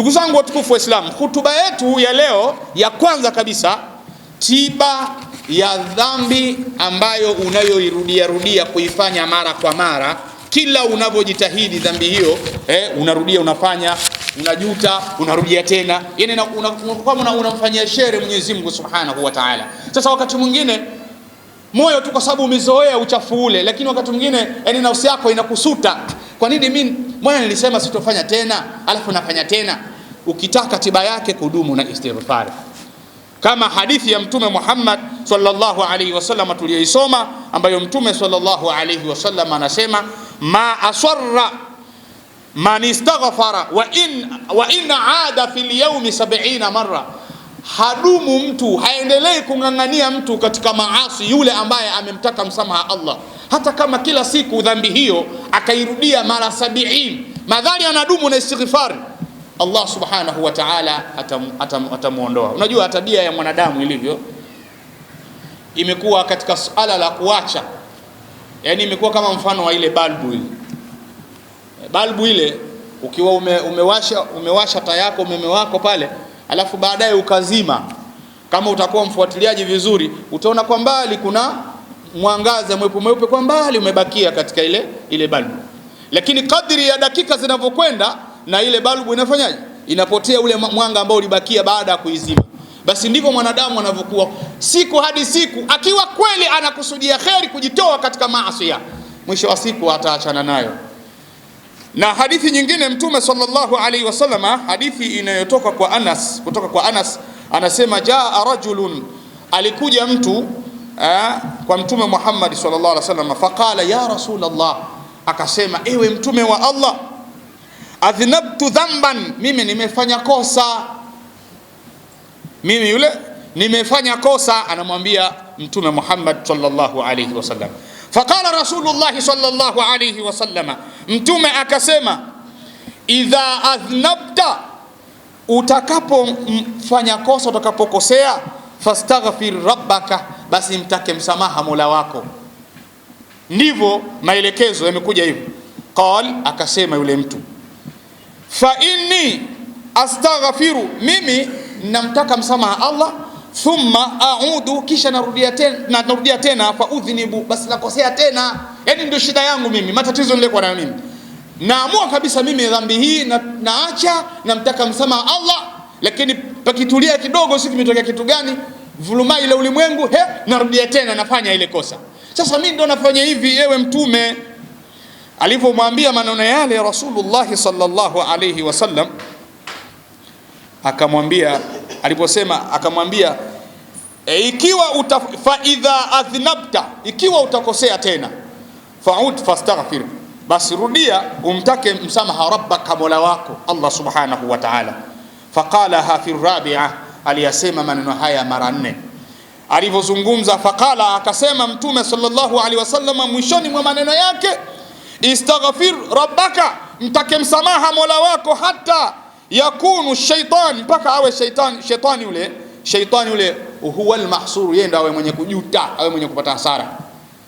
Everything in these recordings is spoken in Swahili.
Ndugu zangu watukufu Islam, hutuba yetu ya leo ya kwanza kabisa, tiba ya dhambi ambayo unayoirudia rudia kuifanya mara kwa mara, kila unavyojitahidi dhambi hiyo eh, unarudia, unafanya, unajuta, unarudia tena, yani unakuwa una, unamfanyia shere Mwenyezi Mungu Subhanahu wa Ta'ala. Sasa wakati mwingine moyo tu kwa sababu umezoea uchafu ule, lakini wakati mwingine yani nafsi yako inakusuta, kwa nini mimi, mbona nilisema sitofanya tena, alafu nafanya tena ukitaka tiba yake kudumu na istighfari, kama hadithi ya Mtume Muhammad sallallahu alaihi wasallam tuliyoisoma, ambayo Mtume sallallahu alaihi wasallam anasema ma asarra man istaghfara wa in, wa in aada fi lyaumi sabina marra, hadumu mtu haendelei kung'ang'ania mtu katika maasi yule ambaye amemtaka msamaha Allah, hata kama kila siku dhambi hiyo akairudia mara sabiini, madhali anadumu na istighfari Allah subhanahu wa ta'ala atamwondoa. Atam, unajua tabia ya mwanadamu ilivyo imekuwa katika suala la kuacha, yani imekuwa kama mfano wa ile balbu ile balbu ile, ukiwa ume, umewasha, umewasha taa yako umeme wako pale, alafu baadaye ukazima. Kama utakuwa mfuatiliaji vizuri, utaona kwa mbali kuna mwangaza mweupe mweupe, kwa mbali umebakia katika ile ile balbu, lakini kadri ya dakika zinavyokwenda na ile balbu inafanyaje? Inapotea ule mwanga ambao ulibakia baada ya kuizima. Basi ndivyo mwanadamu anavyokuwa siku hadi siku, akiwa kweli anakusudia kheri, kujitoa katika maasi, mwisho wa siku ataachana nayo. Na hadithi nyingine Mtume sallallahu alaihi wasallam, hadithi inayotoka kwa Anas, kutoka kwa Anas anasema jaa rajulun, alikuja mtu a, eh, kwa Mtume Muhammad sallallahu alaihi wasallam, faqala ya rasulullah, akasema ewe mtume wa Allah adhnabtu dhamban, mimi nimefanya kosa, mimi yule nimefanya kosa, anamwambia Mtume Muhammad sallallahu alayhi wasallam. Faqala Rasulullah sallallahu alayhi wasallam, Mtume akasema idha adhnabta, utakapofanya kosa, utakapokosea, fastaghfir rabbaka, basi mtake msamaha mola wako. Ndivyo maelekezo yamekuja hivyo. Qal, akasema yule mtu fa inni astaghfiru, mimi namtaka msamaha Allah, thumma audu, kisha narudia tena, narudia tena fa udhnibu, basi nakosea tena. Yani ndio shida yangu mimi, matatizo nilikuwa nayo mimi, naamua kabisa mimi dhambi hii na, naacha, namtaka msamaha Allah, lakini pakitulia kidogo, si kimetokea kitu gani? Vuluma ile ulimwengu, he, narudia tena, nafanya ile kosa. Sasa mimi ndo nafanya hivi, ewe Mtume Alipomwambia maneno yale Rasulullah sallallahu alayhi wasallam, akamwambia aliposema, akamwambia e, ikiwa uta, fa idha adhnabta, ikiwa utakosea tena faud fastaghfir, basi rudia umtake msamaha rabbaka, mola wako Allah subhanahu wa ta'ala. ha fi rabi'a, aliyasema maneno haya mara nne alivyozungumza. Faqala, akasema Mtume sallallahu alayhi wasallam mwishoni mwa maneno yake istaghfir rabbaka, mtake msamaha mola wako, hata yakunu shaitan mpaka awe shaitan Shaitani yule shaitani yule huwa almahsuru, yeye ndo awe mwenye kujuta, awe mwenye kupata hasara.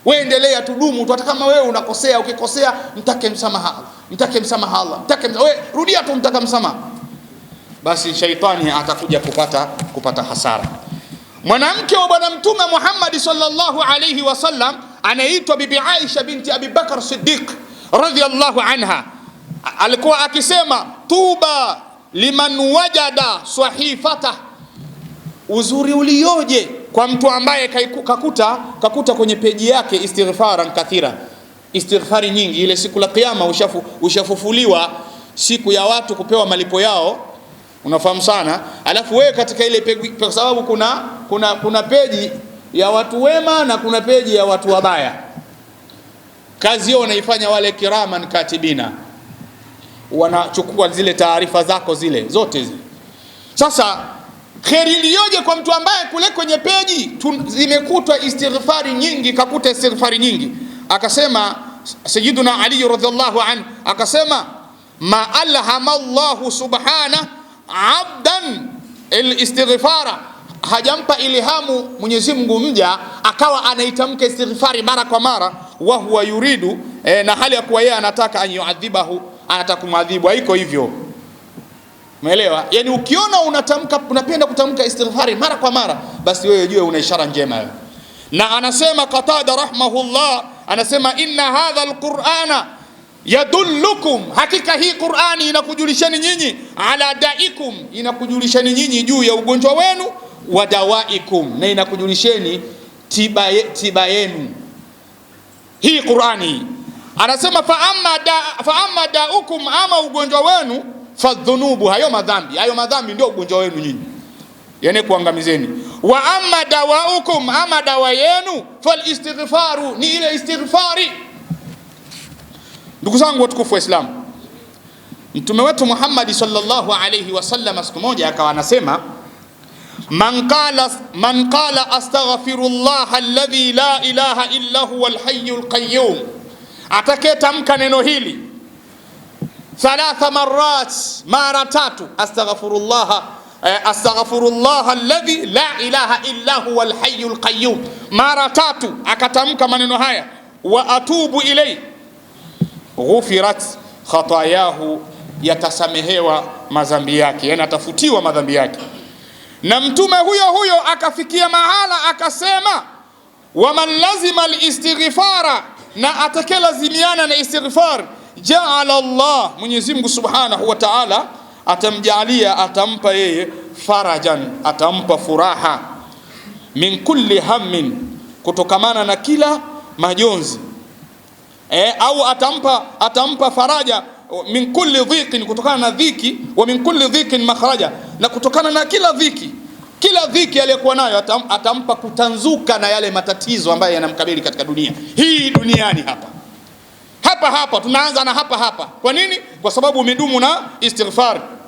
Wewe endelea tudumu tu, hata kama wewe unakosea, ukikosea mtake msamaha, mtake msamaha Allah, mtake msamaha. Wewe rudia tu, mtaka msamaha, basi shaitani atakuja kupata kupata hasara. Mwanamke wa Bwana Mtume Muhammad sallallahu alayhi wasallam anaitwa Bibi Aisha binti Abi Bakar Siddiq radhiallahu anha alikuwa akisema, tuba liman wajada sahifata, uzuri ulioje kwa mtu ambaye kakuta, kakuta kwenye peji yake istighfaran kathira, istighfari nyingi. Ile siku la Kiyama ushafu, ushafufuliwa siku ya watu kupewa malipo yao, unafahamu sana. Alafu wewe katika ile peji, kwa sababu kuna, kuna, kuna peji ya watu wema na kuna peji ya watu wabaya Kazi hiyo wanaifanya wale kiraman katibina, wanachukua zile taarifa zako zile zote zile. Sasa kheri iliyoje kwa mtu ambaye kule kwenye peji zimekutwa istighfari nyingi, kakuta istighfari nyingi. Akasema Sayyiduna Ali radhiallahu an akasema, ma alhama Allahu subhana abdan alistighfara, hajampa ilhamu Mwenyezi Mungu mja akawa anaitamka istighfari mara kwa mara wa huwa yuridu e, na hali ya kuwa yeye anataka anyuadhibahu, anataka kumadhibu. Haiko hivyo, umeelewa? Yani ukiona unatamka unapenda kutamka istighfari mara kwa mara, basi wewe jue una ishara njema wewe. Na anasema Qatada rahmahullah, anasema inna hadha alqur'ana yadullukum, hakika hii Qur'ani inakujulisheni nyinyi, ala daikum, inakujulisheni nyinyi juu ya ugonjwa wenu, wa dawaikum, na inakujulisheni tiba, tiba yenu hii Qurani hii anasema, fa amma da, fa amma daukum, ama ugonjwa wenu fadhunubu, hayo madhambi, hayo madhambi ndio ugonjwa wenu nyinyi, yani kuangamizeni. Wa amma dawaukum, ama dawa yenu falistighfaru, ni ile istighfari. Ndugu zangu watukufu wa Islam, mtume wetu Muhammad sallallahu alayhi wasallam siku moja akawa anasema man qala man qala astaghfirullah alladhi la ilaha illa huwa alhayyul qayyum, atakayetamka neno hili thalatha marat, mara tatu, astaghfirullah eh, astaghfirullah alladhi la ilaha illa huwa alhayyul qayyum, mara tatu akatamka maneno haya, wa atubu ilay ghufirat khatayahu, yatasamehewa madhambi yake, yani atafutiwa madhambi yake na mtume huyo huyo akafikia mahala akasema, waman lazima listighfara, na atakelazimiana na istighfar, jaala Allah, Mwenyezi Mungu subhanahu wa taala atamjalia, atampa yeye farajan, atampa furaha, min kulli hammin, kutokamana na kila majonzi e, au atampa, atampa faraja min kulli dhiqin, kutokana na dhiki, wa min kulli dhiqin makhraja na kutokana na kila dhiki kila dhiki aliyokuwa nayo atam, atampa kutanzuka na yale matatizo ambayo yanamkabili katika dunia hii duniani hapa hapa hapa. Tunaanza na hapa hapa. Kwa nini? Kwa sababu umedumu na istighfar.